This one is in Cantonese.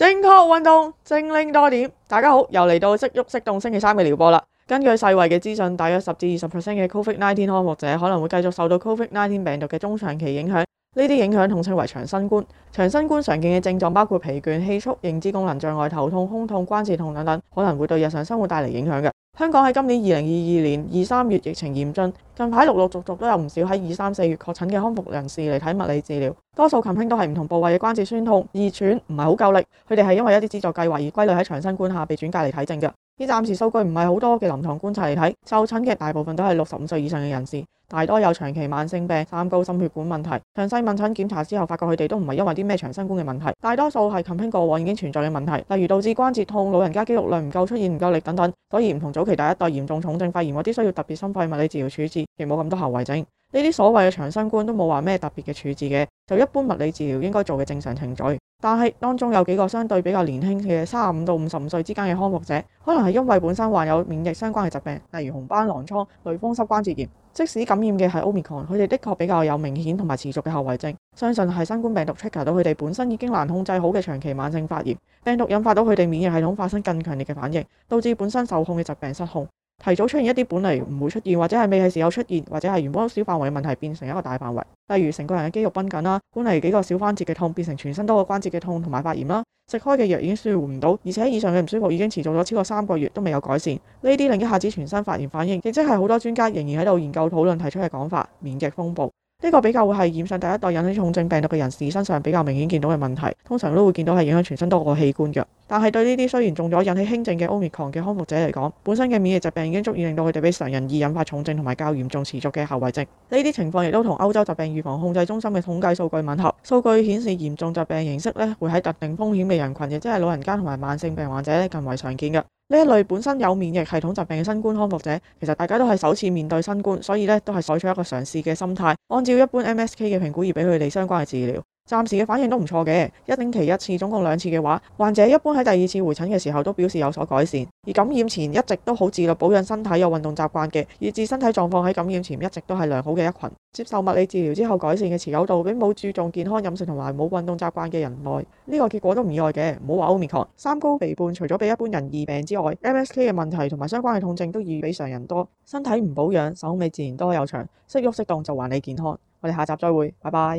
正確運動，正令多點。大家好，又嚟到即喐識動星期三嘅療播啦。根據世衛嘅資訊，大約十至二十 percent 嘅 Covid nineteen 康復者可能會繼續受到 Covid nineteen 病毒嘅中長期影響。呢啲影響統稱為長新冠。長新冠常見嘅症狀包括疲倦、氣促、認知功能障礙、頭痛、胸痛、關節痛等等，可能會對日常生活帶嚟影響嘅。香港喺今年二零二二年二三月疫情嚴峻，近排陸陸續續都有唔少喺二三四月確診嘅康復人士嚟睇物理治療，多數琴聽都係唔同部位嘅關節酸痛、易喘，唔係好夠力。佢哋係因為一啲資助計劃而歸類喺長新冠下被轉介嚟睇症嘅。呢啲暫時數據唔係好多嘅臨床觀察嚟睇，受診嘅大部分都係六十五歲以上嘅人士，大多有長期慢性病、三高、心血管問題。詳細問診檢查之後，發覺佢哋都唔係因為啲咩長新冠嘅問題，大多數係近平過往已經存在嘅問題，例如導致關節痛、老人家肌肉量唔夠、出現唔夠力等等。所以唔同早期第一代嚴重重症肺炎嗰啲需要特別心肺物理治療處置，亦冇咁多後遺症。呢啲所謂嘅長新冠都冇話咩特別嘅處置嘅，就一般物理治療應該做嘅正常程序。但係當中有幾個相對比較年輕嘅，三十五到五十五歲之間嘅康復者，可能係因為本身患有免疫相關嘅疾病，例如紅斑狼瘡、類風濕關節炎，即使感染嘅係 Omicron，佢哋的確比較有明顯同埋持續嘅後遺症。相信係新冠病毒 trigger 到佢哋本身已經難控制好嘅長期慢性發炎，病毒引發到佢哋免疫系統發生更強烈嘅反應，導致本身受控嘅疾病失控。提早出現一啲本嚟唔會出現，或者係未係時候出現，或者係原本小範圍嘅問題變成一個大範圍。例如成個人嘅肌肉繃緊啦，本嚟幾個小關節嘅痛變成全身多個關節嘅痛同埋發炎啦。食開嘅藥已經舒緩唔到，而且以上嘅唔舒服已經持續咗超過三個月都未有改善。呢啲令一下子全身發炎反應，亦即係好多專家仍然喺度研究討論提出嘅講法，免疫風暴。呢個比較會係染上第一代引起重症病毒嘅人士身上比較明顯見到嘅問題，通常都會見到係影響全身多個器官嘅。但係對呢啲雖然中咗引起輕症嘅 Omicron 嘅康復者嚟講，本身嘅免疫疾病已經足以令到佢哋比常人易引發重症同埋較嚴重持續嘅後遺症。呢啲情況亦都同歐洲疾病預防控制中心嘅統計數據吻合。數據顯示嚴重疾病形式咧會喺特定風險嘅人群，亦即係老人家同埋慢性病患者咧，更為常見嘅。呢一類本身有免疫系統疾病嘅新冠康復者，其實大家都係首次面對新冠，所以咧都係採取一個嘗試嘅心態。按照一般 MSK 嘅評估而俾佢哋相關嘅治療。暫時嘅反應都唔錯嘅，一星期一次，總共兩次嘅話，患者一般喺第二次回診嘅時候都表示有所改善。而感染前一直都好自律，保養身體有運動習慣嘅，以至身體狀況喺感染前一直都係良好嘅一群。接受物理治療之後改善嘅持久度，比冇注重健康飲食同埋冇運動習慣嘅人耐。呢個結果都唔意外嘅。唔好話 Omicron，三高肥胖，除咗比一般人易病之外，MSK 嘅問題同埋相關嘅痛症都易比常人多。身體唔保養，手尾自然多又長，識喐識動就還你健康。我哋下集再會，拜拜。